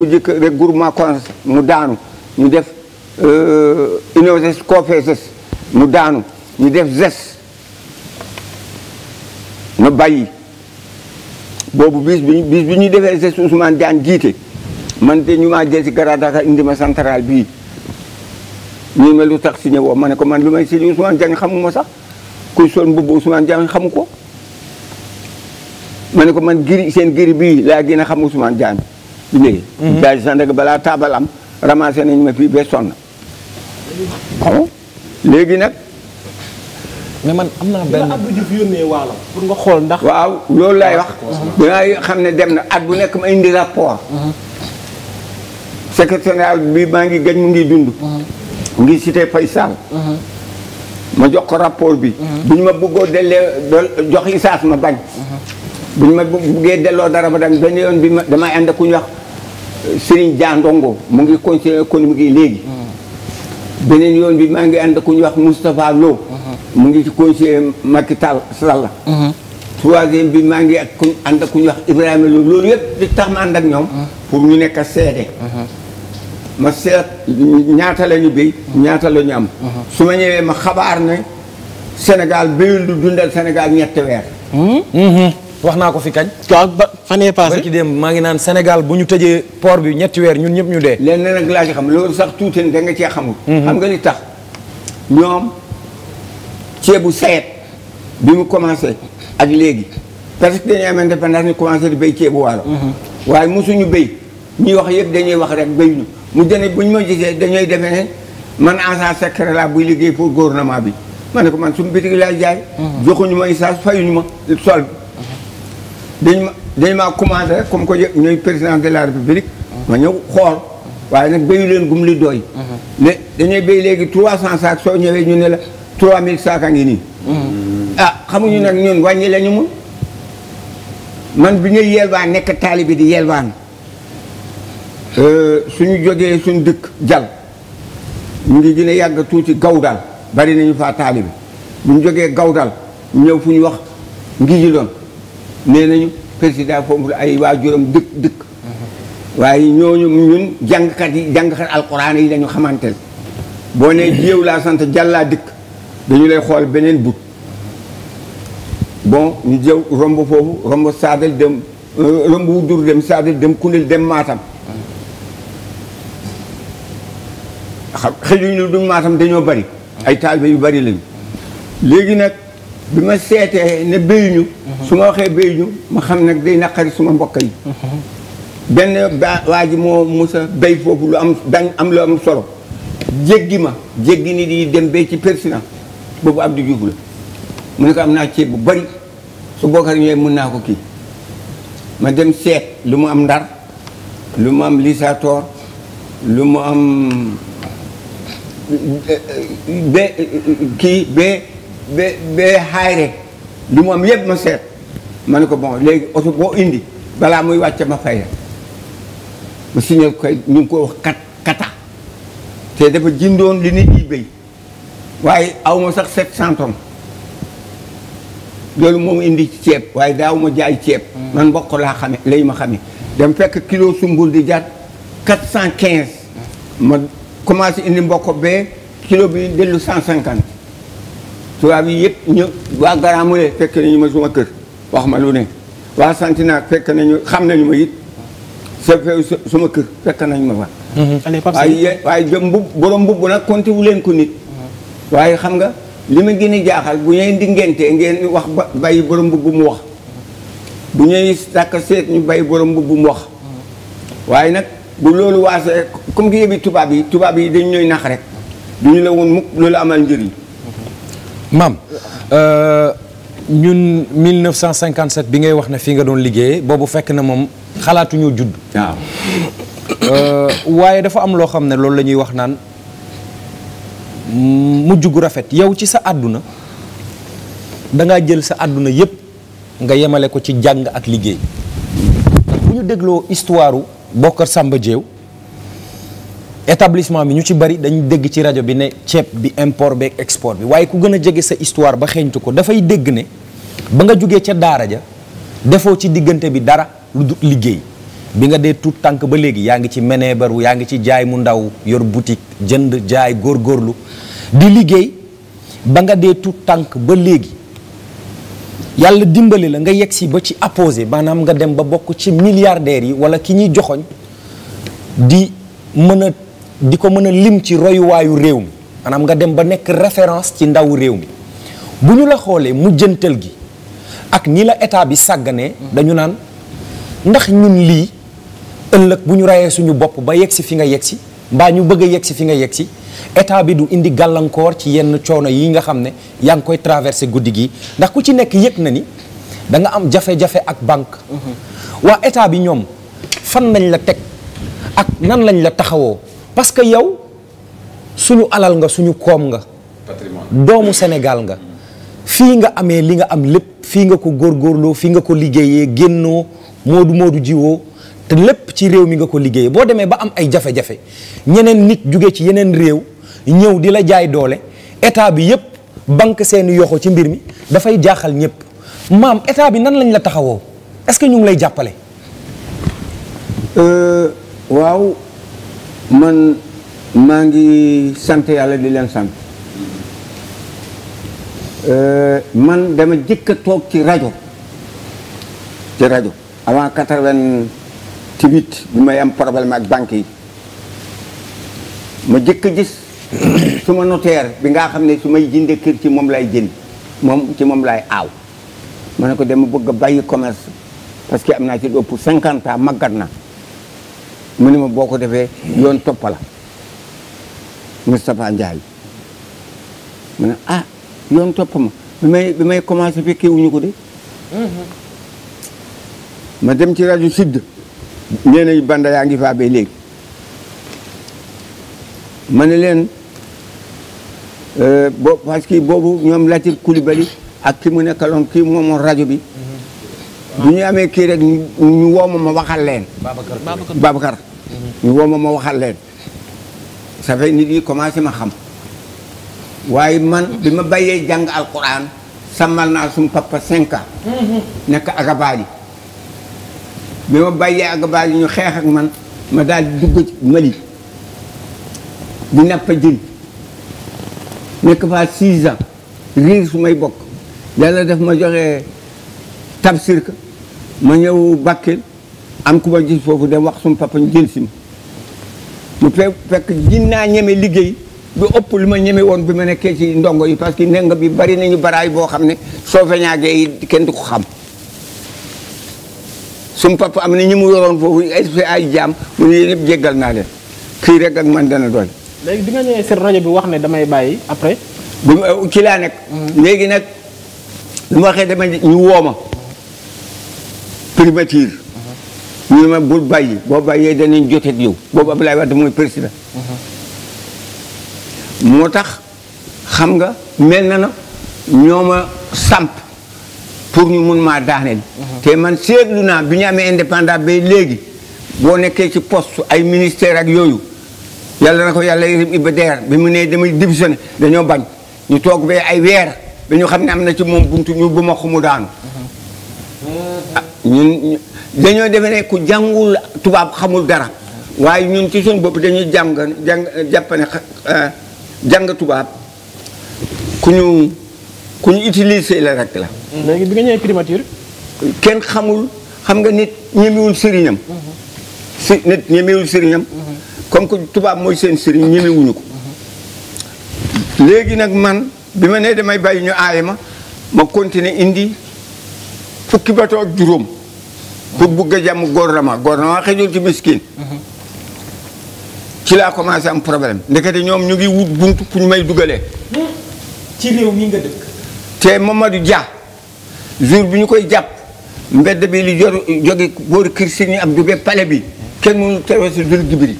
bu njëkk rek groupement CONAS mu daanu ñu def euh, INOSES COPESES mu daanu ñu def ZES na bàyyi boobu bis bi bis bi ñuy defee ZES Ousmane Diagne jiite man de ñu maa jël si garadaka indi ma central bii ñu ne lu tax signé woo ma ne ko man lu may signé Ousmane Diagne xamuma sax kuy sol mbubb Ousmane Diagne xamu ko ma ne ko man giri seen giri bii laa gën a xam Ousmane Diagne du mhm. balaa taabal am ramassé nañ ma fii ba sonn. Ah léegi nag. man am naa benn Abdou Diouf xool ndax. waaw loolu laay wax. dinaa xam ne dem na at bu nekk ma indi rapport. Mhm. secrétaire bi maa ngi gëj mu ngi dund. Mhm. ngi cité Faye Sall. ma jox ko rapport bi. bu ñu ma bëggoo dellee jox isaas ma bañ. bu ñu ma bëggee delloo dara ma dem benn bi ma damay ànd ku wax Serigne Dia Ndongo mu ngi conseiller économique yi léegi. beneen yoon bi maa ngi ànd ku ñuy wax Moustapha Lo. mu ngi ci conseiller Macky Sall. troisième bi maa ngi ak ku ànd ku ñuy wax Ibrahima Lo loolu yëpp tax ma ànd ak ñoom. pour ñu nekk seede. ma seet ñaata la ñu béy. ñaata la ñu am. su ma ñëwee ma xabaar ne Sénégal béyul du dundal Sénégal ñetti weer. wax naa ko fi kañ. waaw ba fan yee paase. barki démb maa ngi naan Sénégal bu ñu tëjee poor bi ñetti weer ñun ñëpp ñu dee. lenn nag laa ci xam loolu sax tuuti na da nga cee xamul. Mhm. xam nga li tax ñoom ceebu sayet bi mu commencé ak léegi parce que dañuy am indépendance ñu commencé di béy ceebu waalo. Mhm. waaye suñu béy ñuy wax yëpp dañuy wax rek béyuñu mu jëne bu ñu ma gisee dañuy defee ne man agent secret laa buy liggéey pour gouvernement bi ma ne ko man suñu bitig laay jaay. Mhm. joxuñu ma isaas fayuñu ma sol. dañ ma dañ maa commandé comme que ñooy président de la république. ma ñëw xool waaye nag béyu leen gum li doy. Mhm. mais dañuy béy léegi cent sacs soo ñëwee ñu ne la 3000 sacs a ngi nii. Mhm. a ah, xamuñu nag ñun wàññi lañu ñu mun. man bi ñuy yelwaan nekk taalibe di yelwaan euh, suñu jógee suñ dëkk jal ñu ngi gën a yàgg tuuti gawdal bari nañu faa taalibe bu ñu jógee gawdal ñëw fu ñu wax ngi ji nee nañu président foofu ay waajuram dëkk dëkk waaye ñooñu ñun jàngkat yi jàngkat alxuraan yi dañu xamanteel boo nee jéew laa sant jàllaa dëkk dañu lay xool beneen but bon ñu jëw romb foofu romb saadal dem euh, romb wu dur dem saadal dem kundel dem maatam xam xëjuñu duñ maatam dañoo bari ay taalibe yu bari lañu léegi nag bi ma seetee ne béyuñu mhm. su ma waxee bayuñu ma xam nag day naqari suma mbokk yi mhm. benn ba waa ji moo musa béy foofu lu am dañ am lu am solo jéggi ma jéggi ni di dem bay ci pertinent boobu Abdou Diouf la mu ne am naa ceeb bu bari su bokkar ñëwee mën naa ko kii ma dem seet lu mu am ndar lu mu am lisator lu mu am eh, eh, eh, be kii be ba ba xaay lu mu am yëpp ma seet ma ne ko bon léegi oto boo indi balaa muy wàcce ma fay la ma signé koy ñu ngi ko wax kat kata te dafa jindoon li nit yi waaye awma sax sept cent tonnes loolu moom indi ci ceeb waaye daaw ma jaay ceeb mm. man mbokk laa xame lay ma xame dem fekk kilo sumbul di jar quatre cent quinze mm. ma commencé indi mbokk bee kilo bi dellu cent cinquante tubaab yi yëpp ñu waa Garaamule fekk nañu ma suma kër wax ma lu ne waa Santinaa fekk nañu xam nañu ma it sa feew suma kër fekk nañu ma fa. Mhm. waaye waaye jëm bu borom mbubb nag konti wu leen ko nit. Mhm. waaye xam nga li ma gën a jaaxal bu ñuy di ngente ngeen wax ba bàyyi borom mbubb mu wax. bu ñuy sàkk seet ñu bay borom mbubb mu wax. Mhm. waaye nag bu loolu waasee comme que yëbi tubaab yi tubaab yi dañu ñooy nax rek. duñu la woon mukk loolu amal yi maam euh, ñun 1957 bi ngay wax ne fii nga doon liggéeyee boobu fekk na moom xalaatuñu judd. waaw. Euh, waaye dafa am loo xam ne loolu la ñuy wax naan mujj gu rafet yow ci sa àdduna dangaa jël sa àdduna yépp nga yemale ko ci jàng ak liggéey bu ñu dégloo histoire Bocar Samba Dièye établissement bi ñu ci bari dañu dégg ci rajo bi ne ceeb bi import beeg export bi waaye ku gën a jege sa histoire ba xeeñtu ko dafay dégg ne ba nga jugee ca daara ja defoo ci diggante bi dara lu dul liggéey bi nga dee tuut tànk ba léegi yaa ngi ci meneebaru yaa ngi ci jaay mu ndaw yor boutique jënd jaay góorgóorlu di liggéey ba nga dee tuut tànk ba léegi yàlla dimbali la nga yegg si ba ci apposé maanaam nga dem ba bokk ci milliardaires yi wala ki ñuy joxoñ di mën a di ko mën a lim ci royuwaayu réew mi maanaam nga dem ba nekk référence ci ndaw réew mi bu ñu la xoolee mujjantal gi ak ni la état bi sàgganee dañu naan ndax ñun lii ëllëg bu ñu rayee suñu bopp ba yegg si fi nga yegg si mbaa ñu bëgg a yegg si fi nga yegg si état bi du indi gàllankoor ci yenn coono yi nga xam ne yaa ngi koy traversé guddi gi ndax ku ci nekk yëg na ni danga am jafe-jafe ak banque mhm. waa état bi ñoom fan lañ la teg ak nan lañ la taxawoo parce que yow suñu alal nga suñu koom nga doomu Sénégal nga fii nga amee li nga am lépp fii nga ko góor góorgóorloo fii nga ko liggéeyee génnoo moodu moodu jiwoo te lépp ci réew mi nga ko liggéeyee boo demee ba am ay jafe-jafe ñeneen nit jóge ci yeneen réew ñëw di la jaay doole état bi yépp banque seeni yoxo ci mbir mi dafay jaaxal ñépp maam état bi nan lañ la taxawoo est-ce que ñu ngi lay jàppale euh, waaw man maa ngi sant yàlla di leen sant euh, man dama jëkk a toog ci rajo ci rajo avant quatre-vingt-huit bi may am problème ak banque yi ma jëkk a gis suma notaire bi nga xam ne su may jëndee kër ci moom lay jënd moom ci moom lay aaw ma ne ko dama bëgg bàyyi commerce parce que am naa ci ëpp cinquante ans màggat na mu ni ma boo ko defee yoon toppala Moustapha Ndiaye mu ne ah, yoon topp ma bi may bi may commencé fekkee wuñu ko de mm-hmm. ma dem ci rajo Sud nee nañ banda yaa ngi faa bay léegi ma ne leen euh, bo parce que boobu ñoom Latif Coulibaly ak ki mu nekkaloon kii moomoon rajo bi mm-hmm. bu ñu amee kii rek ñu wooma ma waxal leen Babacar Babacar ñu woo ma ma waxal leen ça fait nit commencé ma xam waaye man bi ma bàyyee jàng alquran sàmmal naa suñu papa cinq ans mm-hmm. nekk agabaali bi ma bàyyee agabaali ñu xeex ak man ma daal di dugg Mali di nappa jën nekk fa six riir su may bokk yàlla def ma joxe tabsir ka ma ñëw Bakel am ku ji gis foofu dem wax suñu papa ñu mu fe fekk ginnaa ñeme liggéey lu ëpp lu ma ñeme woon bi ma nekkee ci ndongo yi parce que ndongo bi bari nañu baraay boo xam ne soo feñaagee yi kenn du ko xam sumu papa am na ñi mu yoroon foofu ay ay jaam mu ne yéen ñëpp naa leen kii rek ak man dana doy. léegi bi nga ñëwee seen rajo bi wax ne damay bàyyi après. bu ci laa nekk. Mm. léegi nag lu ma waxee dama ñu wooma primature ñu ne ma bul bàyyi boo bàyyee danañ joteet yow boobu Abdoulaye Wade mooy président moo tax xam nga mel na na ñoo ma samp pour ñu mun maa daaneel te man seetlu naa bi ñu amee indépendant ba léegi boo nekkee ci post ay ministère ak yooyu yàlla na ko yàlla yërëm Iba Der bi mu ne damay démissionné dañoo bañ ñu toog ba ay weer ba ñu xam ne am na ci moom buntu ñu bu ma xumu daanu mm-hmm. ah, dañoo defe ne ku jàngul tubaab xamul dara waaye ñun ci suñu bopp dañuy jàng jàng jàpp ne euh, jàng tubaab ku ñu ku ñu utiliser la rek la. léegi bi nga ñëwee primature. kenn xamul xam nga nit ñemewul sëriñam. si nit ñemewul sëriñam. comme que tubaab mooy seen sëriñ ñemewuñu ko. léegi nag man bi ma nee damay bàyyi ñu aay ma ma continuer indi fukki bato ak juróom. ku bugg a jàmm gouvernement gouvernement xëjul ci miskin ci laa commencé am problème ndekete ñoom ñu ngi wut buntu fu ñu may dugalee. ci réew mi nga dëkk. te bi ñu koy jàpp mbedd bi li jor jóge boori kër Serigne Abdou pale bi ken mu traversé dul gibiri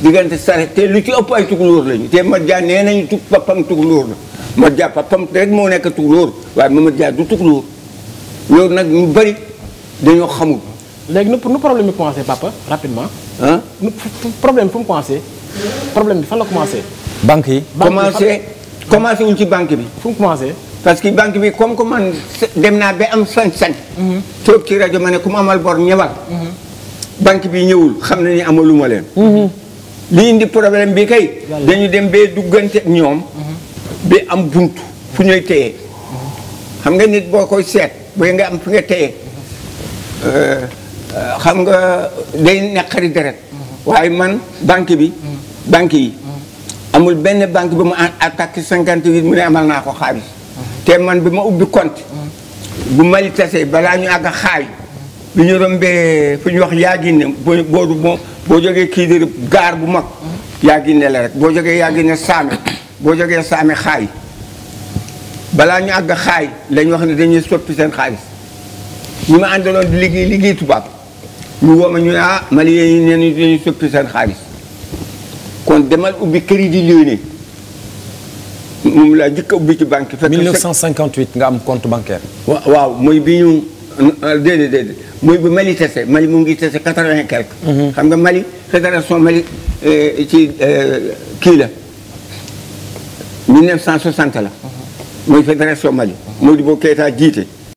diggante sare te lu ci ëpp ay tukulóor lañu te Mamadou Dia nee nañu tuk papam tukulóor la Mamadou Dia papam rek moo nekk tukulóor waaye Mamadou Dia nag ñu bëri. dañoo xamul. léegi nu nu problème bi commencé papa rapidement. problème fu mu commencé. problème bi fan la commencé. banque yi commencé commencé wuñ ci banque bi. fu commencé. parce que banque bi comme que man dem naa be am sañ-sañ. Mhm. toog ci rajo ma ne ku mu amal bor ñëwal. Mhm. banque bi ñëwul xam na ni amaluma leen. Mhm. li indi problème bi kay. dañu dem ba duggante ak ñoom. ba am bunt fu ñuy téye. xam nga nit boo koy seet booy nga am fu nga téye. Euh, xam nga day naqari deret mm-hmm. waaye man banque bi mm-hmm. banque yi mm-hmm. amul benn banque bu ma attaqué cinquante huit mu ne amal naa ko xaalis te man bi ma ubbi compte bu mali tasee balaa ñu àgg xaay bi ñu rombee fu ñu wax yaaginne boo jogee kii diri gaar bu mag yaaginne la rek boo jógee yaaginne saame boo jogee saame xaay balaa ñu àgg xaay lañ wax ne dañuy soppi seen xaalis ñi ma àndaloon di liggéey liggéey tubaab ñu woo ma ñu ne ah malien soppi seen xaalis kon demal ubbi crédit lyonnais moom laa jëkk ubbi ci banque. fekk 1958 nga am compte bancaire. waaw mooy bi ñu ah, déedéet déedéet mooy bu Mali tese Mali mu ngi tese quatre vingt et mhm. xam nga Mali fédération Mali euh, ci euh, kii la 1960 la. Mhm. mooy fédération Mali. Mhm. Modibo Keïta jiite.